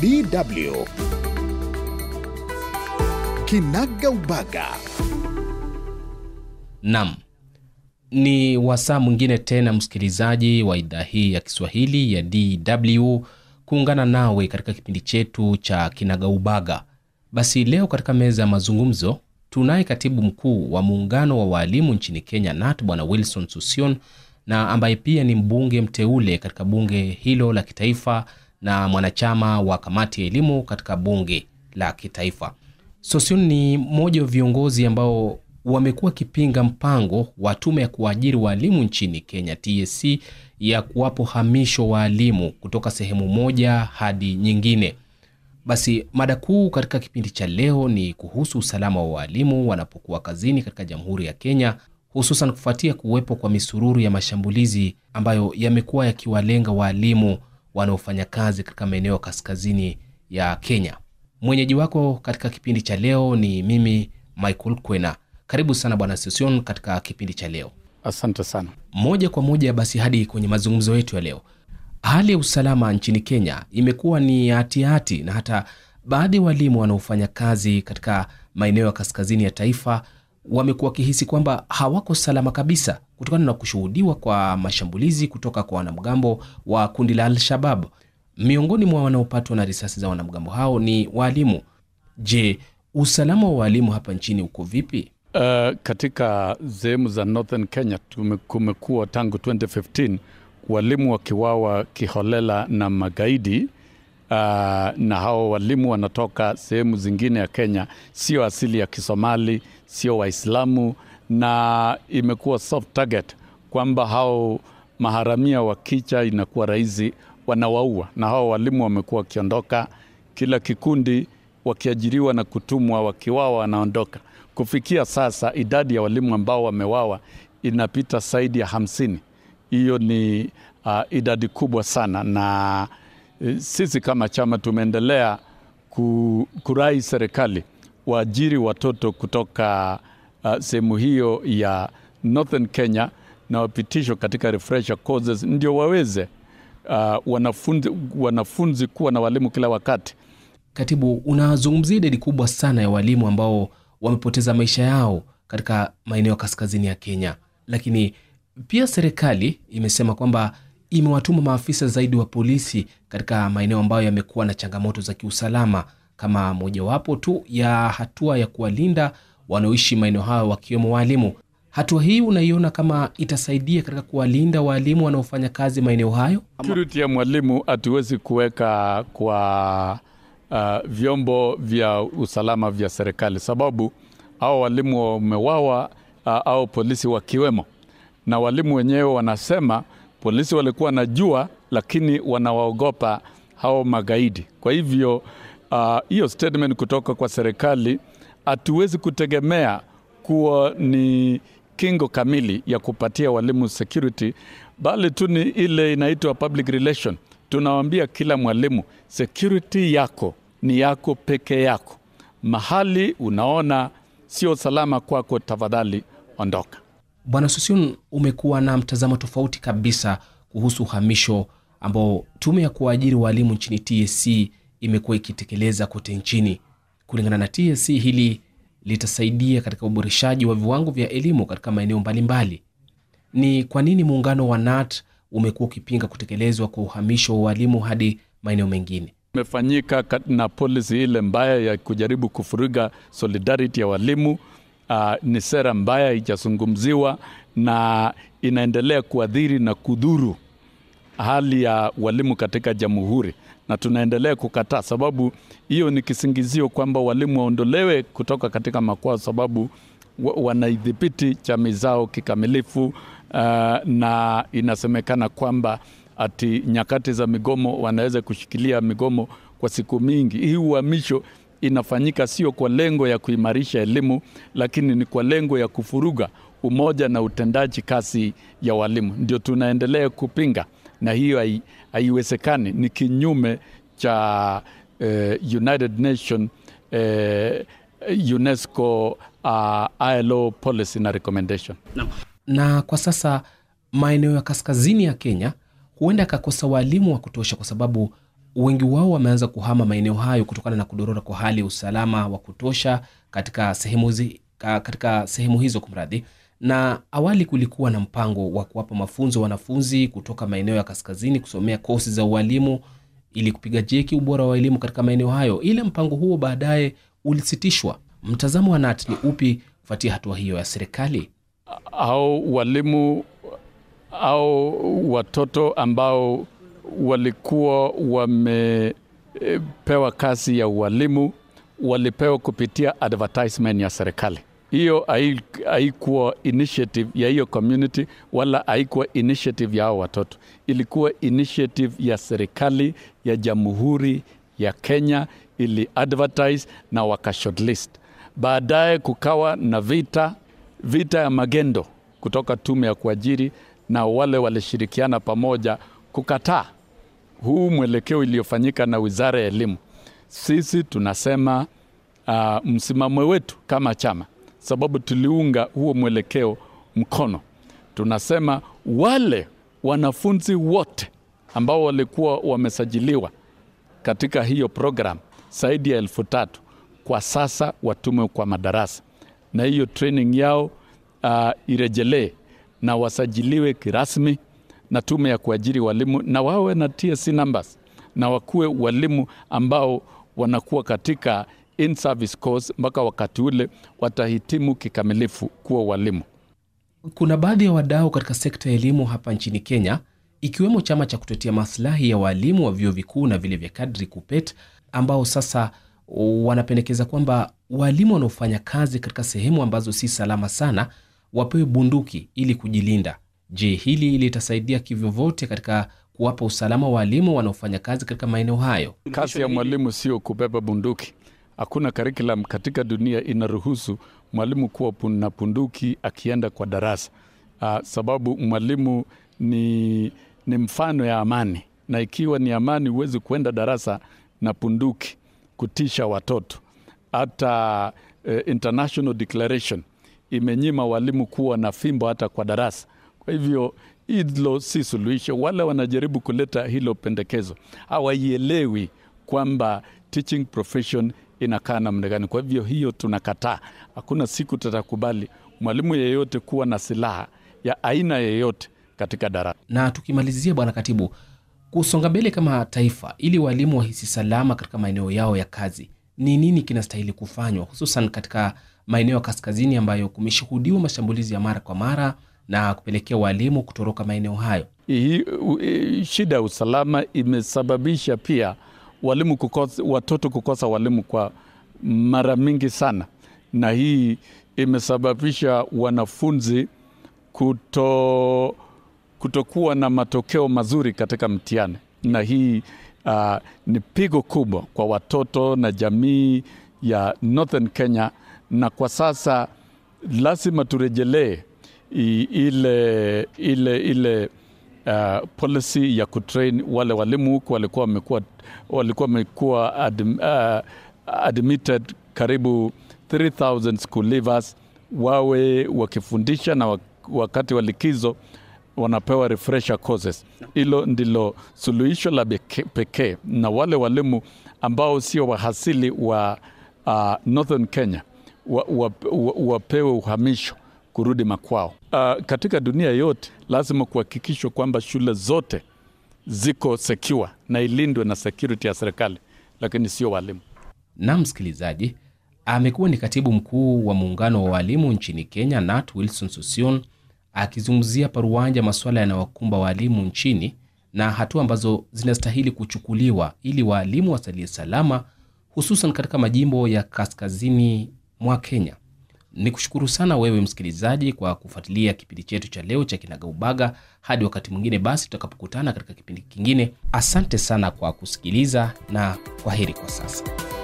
BW. Kinaga Ubaga. Nam ni wasaa mwingine tena, msikilizaji wa idhaa hii ya Kiswahili ya DW kuungana nawe katika kipindi chetu cha Kinaga Ubaga. Basi leo katika meza ya mazungumzo tunaye katibu mkuu wa muungano wa waalimu nchini Kenya NAT Bwana Wilson Susion na ambaye pia ni mbunge mteule katika bunge hilo la kitaifa na mwanachama wa kamati ya elimu katika bunge la kitaifa. Sosion ni mmoja wa viongozi ambao wamekuwa wakipinga mpango wa tume ya kuajiri waalimu nchini Kenya TSC ya kuwapo hamisho waalimu kutoka sehemu moja hadi nyingine. Basi mada kuu katika kipindi cha leo ni kuhusu usalama wa waalimu wanapokuwa kazini katika Jamhuri ya Kenya, hususan kufuatia kuwepo kwa misururu ya mashambulizi ambayo yamekuwa yakiwalenga waalimu wanaofanya kazi katika maeneo ya kaskazini ya Kenya. Mwenyeji wako katika kipindi cha leo ni mimi Michael Kwena. Karibu sana Bwana Sesion katika kipindi cha leo. Asante sana. Moja kwa moja basi hadi kwenye mazungumzo yetu ya leo. Hali ya usalama nchini Kenya imekuwa ni hatihati, na hata baadhi ya walimu wanaofanya kazi katika maeneo ya kaskazini ya taifa wamekuwa wakihisi kwamba hawako salama kabisa kutokana na kushuhudiwa kwa mashambulizi kutoka kwa wanamgambo wa kundi la Al-Shabab. Miongoni mwa wanaopatwa na risasi za wanamgambo hao ni waalimu. Je, usalama wa waalimu hapa nchini uko vipi? Uh, katika sehemu za Northern Kenya kumekuwa tangu 2015 walimu wakiwawa kiholela na magaidi uh, na hao walimu wanatoka sehemu zingine ya Kenya, sio asili ya Kisomali, sio Waislamu, na imekuwa soft target kwamba hao maharamia wa kicha inakuwa rahisi wanawaua, na hao walimu wamekuwa wakiondoka kila kikundi, wakiajiriwa na kutumwa, wakiwawa wanaondoka. Kufikia sasa idadi ya walimu ambao wamewawa inapita zaidi ya hamsini. Hiyo ni uh, idadi kubwa sana na Eh, sisi kama chama tumeendelea kurai serikali waajiri watoto kutoka uh, sehemu hiyo ya Northern Kenya na wapitishwa katika refresher courses ndio waweze uh, wanafunzi, wanafunzi kuwa na walimu kila wakati. Katibu, unazungumzia idadi kubwa sana ya walimu ambao wamepoteza maisha yao katika maeneo ya kaskazini ya Kenya, lakini pia serikali imesema kwamba imewatuma maafisa zaidi wa polisi katika maeneo ambayo yamekuwa na changamoto za kiusalama kama mojawapo tu ya hatua ya kuwalinda wanaoishi maeneo hayo wakiwemo waalimu. Hatua hii unaiona kama itasaidia katika kuwalinda waalimu wanaofanya kazi maeneo hayo? Security ya mwalimu hatuwezi kuweka kwa uh, vyombo vya usalama vya serikali, sababu au walimu wamewawa, uh, au polisi wakiwemo, na walimu wenyewe wanasema Polisi walikuwa najua, lakini wanawaogopa hao magaidi. Kwa hivyo uh, hiyo uh, statement kutoka kwa serikali, hatuwezi kutegemea kuwa ni kingo kamili ya kupatia walimu security, bali tu ni ile inaitwa public relation. Tunawaambia kila mwalimu security yako ni yako peke yako. Mahali unaona sio salama kwako, tafadhali ondoka. Bwana Susun, umekuwa na mtazamo tofauti kabisa kuhusu uhamisho ambao tume ya kuwaajiri walimu nchini TSC imekuwa ikitekeleza kote nchini. Kulingana na TSC, hili litasaidia katika uboreshaji wa viwango vya elimu katika maeneo mbalimbali. Ni kwa nini muungano wa nat umekuwa ukipinga kutekelezwa kwa uhamisho wa walimu hadi maeneo mengine? Imefanyika na polisi ile mbaya ya kujaribu kufuruga solidarity ya walimu uh, ni sera mbaya ijazungumziwa na inaendelea kuadhiri na kudhuru hali ya walimu katika jamhuri, na tunaendelea kukataa, sababu hiyo ni kisingizio kwamba walimu waondolewe kutoka katika makwao, sababu wanaidhibiti jamii zao kikamilifu. Uh, na inasemekana kwamba ati nyakati za migomo wanaweza kushikilia migomo kwa siku mingi. Hii uhamisho inafanyika sio kwa lengo ya kuimarisha elimu, lakini ni kwa lengo ya kufuruga umoja na utendaji kazi ya walimu. Ndio tunaendelea kupinga, na hiyo haiwezekani, ni kinyume cha eh, United Nation eh, UNESCO uh, ILO policy na recommendation. No. Na kwa sasa maeneo ya kaskazini ya Kenya huenda yakakosa walimu wa kutosha kwa sababu wengi wao wameanza kuhama maeneo hayo kutokana na kudorora kwa hali ya usalama wa kutosha katika sehemu, zi, katika sehemu hizo kumradhi. Na awali kulikuwa na mpango wa kuwapa mafunzo wanafunzi kutoka maeneo ya kaskazini kusomea kosi za ualimu ili kupiga jeki ubora wa elimu katika maeneo hayo, ila mpango huo baadaye ulisitishwa. Mtazamo wa Nat ni upi kufuatia hatua hiyo ya serikali? Au walimu au watoto ambao walikuwa wamepewa kazi ya ualimu, walipewa kupitia advertisement ya serikali. Hiyo haikuwa initiative ya hiyo community wala haikuwa initiative ya hao watoto, ilikuwa initiative ya serikali ya Jamhuri ya Kenya, ili advertise na waka shortlist. Baadaye kukawa na vita, vita ya magendo kutoka tume ya kuajiri, na wale walishirikiana pamoja kukataa huu mwelekeo iliyofanyika na Wizara ya Elimu, sisi tunasema uh, msimamo wetu kama chama, sababu tuliunga huo mwelekeo mkono, tunasema wale wanafunzi wote ambao walikuwa wamesajiliwa katika hiyo program zaidi ya elfu tatu kwa sasa watume kwa madarasa na hiyo training yao uh, irejelee na wasajiliwe kirasmi na tume ya kuajiri walimu, na wawe na TSC numbers na wakuwe walimu ambao wanakuwa katika in service course mpaka wakati ule watahitimu kikamilifu kuwa walimu. Kuna baadhi ya wadau katika sekta ya elimu hapa nchini Kenya, ikiwemo chama cha kutetea maslahi ya walimu wa vyuo vikuu na vile vya kadri kupet ambao sasa wanapendekeza kwamba walimu wanaofanya kazi katika sehemu ambazo si salama sana wapewe bunduki ili kujilinda. Je, hili litasaidia kivyovyote katika kuwapa usalama waalimu wanaofanya kazi katika maeneo hayo? Kazi ya mwalimu sio kubeba bunduki. Hakuna karikulam katika dunia inaruhusu mwalimu kuwa na bunduki akienda kwa darasa. Uh, sababu mwalimu ni, ni mfano ya amani, na ikiwa ni amani, huwezi kuenda darasa na bunduki kutisha watoto. Hata uh, international declaration imenyima walimu kuwa na fimbo hata kwa darasa. Kwa hivyo hilo si suluhisho, wala wanajaribu kuleta hilo pendekezo, hawaielewi kwamba teaching profession inakaa namna gani. Kwa hivyo hiyo tunakataa. Hakuna siku tutakubali mwalimu yeyote kuwa na silaha ya aina yeyote katika darasa. Na tukimalizia, Bwana Katibu, kusonga mbele kama taifa, ili walimu wahisi salama katika maeneo yao ya kazi, ni nini kinastahili kufanywa, hususan katika maeneo ya kaskazini ambayo kumeshuhudiwa mashambulizi ya mara kwa mara na kupelekea walimu kutoroka maeneo hayo. E, shida ya usalama imesababisha pia walimu kukosa, watoto kukosa walimu kwa mara mingi sana, na hii imesababisha wanafunzi kuto, kutokuwa na matokeo mazuri katika mtihani, na hii uh, ni pigo kubwa kwa watoto na jamii ya Northern Kenya, na kwa sasa lazima turejelee ile ile ile uh, policy ya kutrain wale walimu walikuwa wamekuwa walikuwa wamekuwa adm, uh, admitted karibu 3000 school leavers wawe wakifundisha na wakati wa likizo wanapewa refresher courses. Hilo ndilo suluhisho la pekee, na wale walimu ambao sio wahasili wa uh, Northern Kenya wa, wa, wa, wapewe uhamisho kurudi makwao. Uh, katika dunia yote lazima kuhakikishwa kwamba shule zote ziko secure na ilindwe na security ya serikali, lakini sio walimu. Na msikilizaji, amekuwa ni katibu mkuu wa muungano wa walimu nchini Kenya, Nat Wilson Sossion akizungumzia paruanja masuala yanayowakumba walimu nchini na hatua ambazo zinastahili kuchukuliwa ili waalimu wasalie salama, hususan katika majimbo ya kaskazini mwa Kenya. Ni kushukuru sana wewe msikilizaji kwa kufuatilia kipindi chetu cha leo cha Kinagaubaga. Hadi wakati mwingine basi tutakapokutana katika kipindi kingine, asante sana kwa kusikiliza na kwa heri kwa sasa.